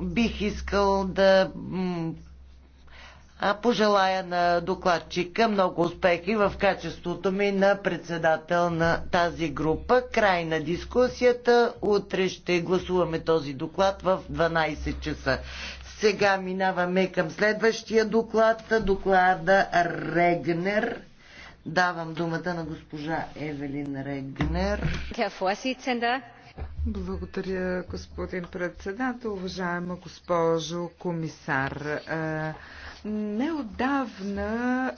бих искал да пожелая на докладчика много успехи в качеството ми на председател на тази група. Край на дискусията. Утре ще гласуваме този доклад в 12 часа. Сега минаваме към следващия доклад. Доклада Регнер. Давам думата на госпожа Евелин Регнер. Благодаря, господин председател, уважаема госпожо комисар. Е, Неодавна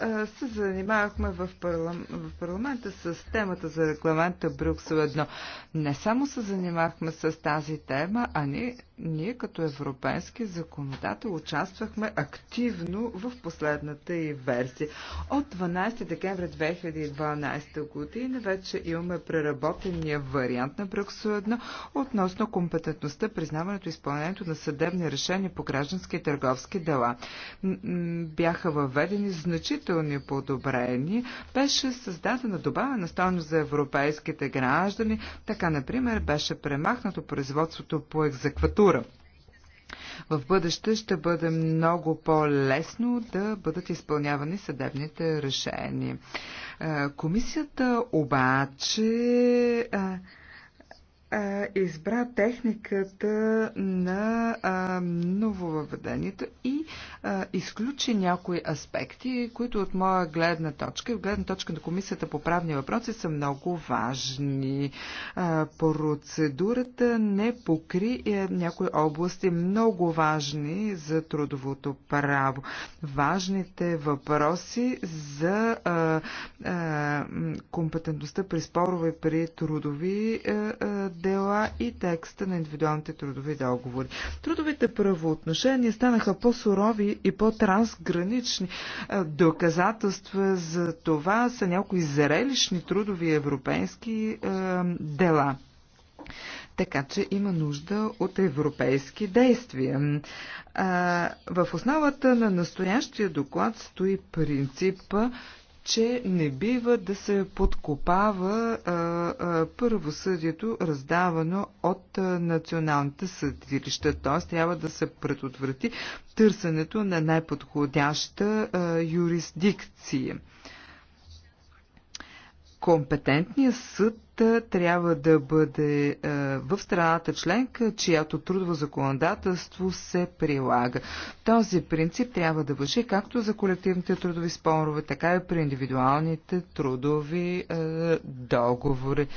е, се занимавахме в, парлам... в парламента с темата за регламента Брюксел 1. Не само се занимавахме с тази тема, а ни ние като европейски законодател участвахме активно в последната и версия. От 12 декември 2012 година вече имаме преработения вариант на Брюксо относно компетентността, признаването и изпълнението на съдебни решения по граждански и търговски дела. Бяха въведени значителни подобрения, беше създадена добавена стойност за европейските граждани, така например беше премахнато производството по екзекватура процедура. В бъдеще ще бъде много по-лесно да бъдат изпълнявани съдебните решения. Е, комисията обаче е, избра техниката на нововъведението и а, изключи някои аспекти, които от моя гледна точка и от гледна точка на Комисията по правни въпроси са много важни. А, процедурата не покри е, някои области много важни за трудовото право. Важните въпроси за а, а, компетентността при спорове при трудови а, е, е, правила и текста на индивидуалните трудови договори. Трудовите правоотношения станаха по-сурови и по-трансгранични. Е, доказателства за това са някои зрелищни трудови европейски е, дела. Така че има нужда от европейски действия. А, е, в основата на настоящия доклад стои принципа, че не бива да се подкопава а, а, първосъдието, раздавано от а, националните съдилища. Т.е. трябва да се предотврати търсенето на най-подходяща юрисдикция. Компетентният съд трябва да бъде е, в страната членка, чиято трудово законодателство се прилага. Този принцип трябва да въжи както за колективните трудови спорове, така и при индивидуалните трудови е, договори.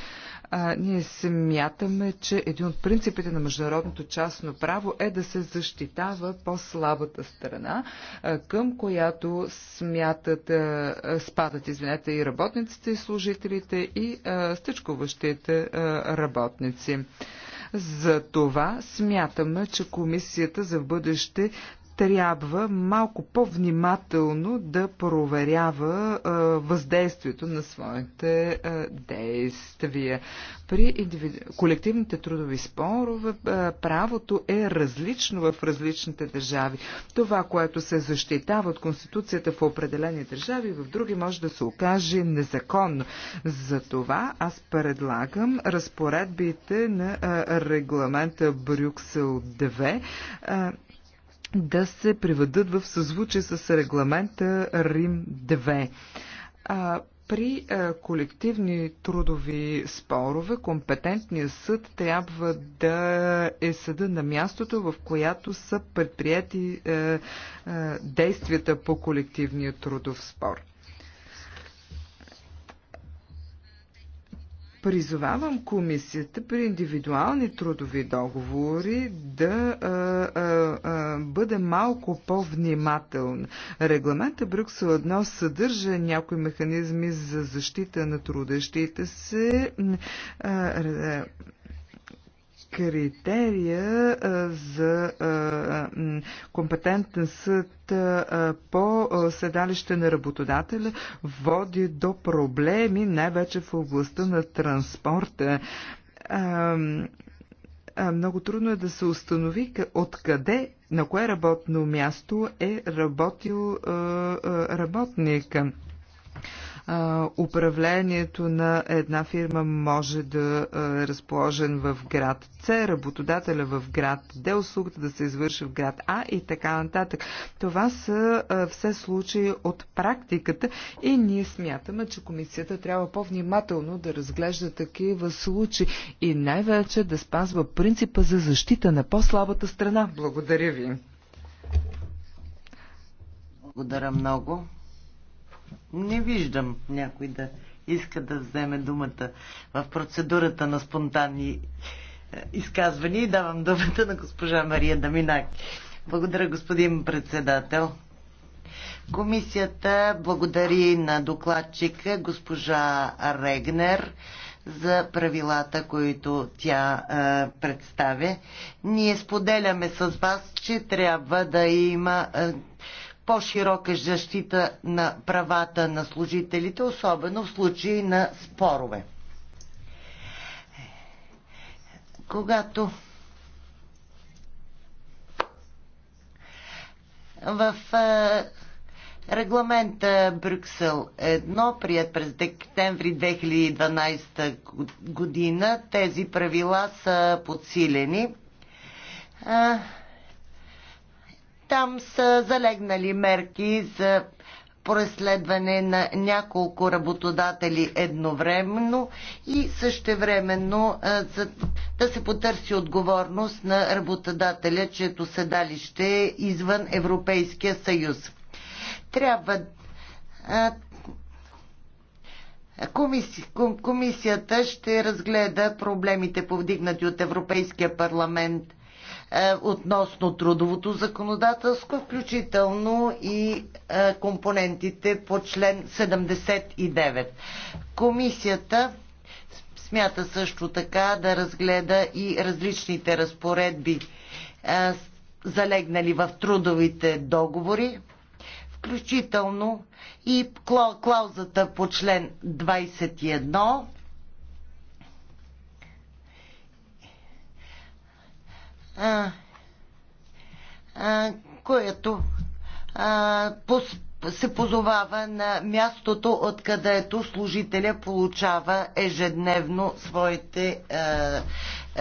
Ние смятаме, че един от принципите на международното частно право е да се защитава по-слабата страна, е, към която смятат, спадат извинете, и работниците, и служителите, и стъчко практикуващите работници. За това смятаме, че комисията за бъдеще трябва малко по-внимателно да проверява а, въздействието на своите а, действия. При индивиду... колективните трудови спорове а, правото е различно в различните държави. Това, което се защитава от Конституцията в определени държави, в други може да се окаже незаконно. Затова аз предлагам разпоредбите на а, регламента Брюксел 2 а, да се приведат в съзвучие с регламента Рим 2. А, при а, колективни трудови спорове компетентният съд трябва да е съда на мястото, в която са предприяти а, е, а, е, действията по колективния трудов спор. Призовавам комисията при индивидуални трудови договори да а, а, а, бъде малко по-внимателна. Регламента Брюксел 1 съдържа някои механизми за защита на трудещите се. А, критерия за компетентен съд по седалище на работодателя води до проблеми, най-вече в областта на транспорта много трудно е да се установи откъде, на кое работно място е работил работник а, управлението на една фирма може да е разположен в град С, работодателя в град Д, услугата да се извърши в град А и така нататък. Това са а, все случаи от практиката и ние смятаме, че комисията трябва по-внимателно да разглежда такива случаи и най-вече да спазва принципа за защита на по-слабата страна. Благодаря ви. Благодаря много. Не виждам някой да иска да вземе думата в процедурата на спонтанни е, изказвания и давам думата на госпожа Мария Даминак. Благодаря, господин председател. Комисията благодари на докладчика госпожа Регнер за правилата, които тя е, представя. Ние споделяме с вас, че трябва да има е, по-широка е защита на правата на служителите, особено в случаи на спорове. Когато в е, регламента Брюксел 1, прият през декември 2012 година, тези правила са подсилени. Е, там са залегнали мерки за преследване на няколко работодатели едновременно и същевременно за да се потърси отговорност на работодателя, чието седалище е извън Европейския съюз. Трябва Комисията ще разгледа проблемите повдигнати от Европейския парламент – е, относно трудовото законодателство, включително и е, компонентите по член 79. Комисията смята също така да разгледа и различните разпоредби, е, залегнали в трудовите договори, включително и клаузата по член 21 а, а, което а, пос, се позовава на мястото, откъдето служителя получава ежедневно своите а,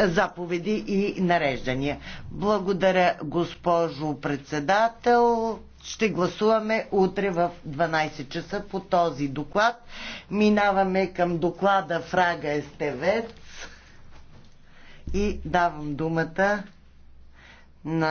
заповеди и нареждания. Благодаря, госпожо председател. Ще гласуваме утре в 12 часа по този доклад. Минаваме към доклада Фрага Естевец и давам думата на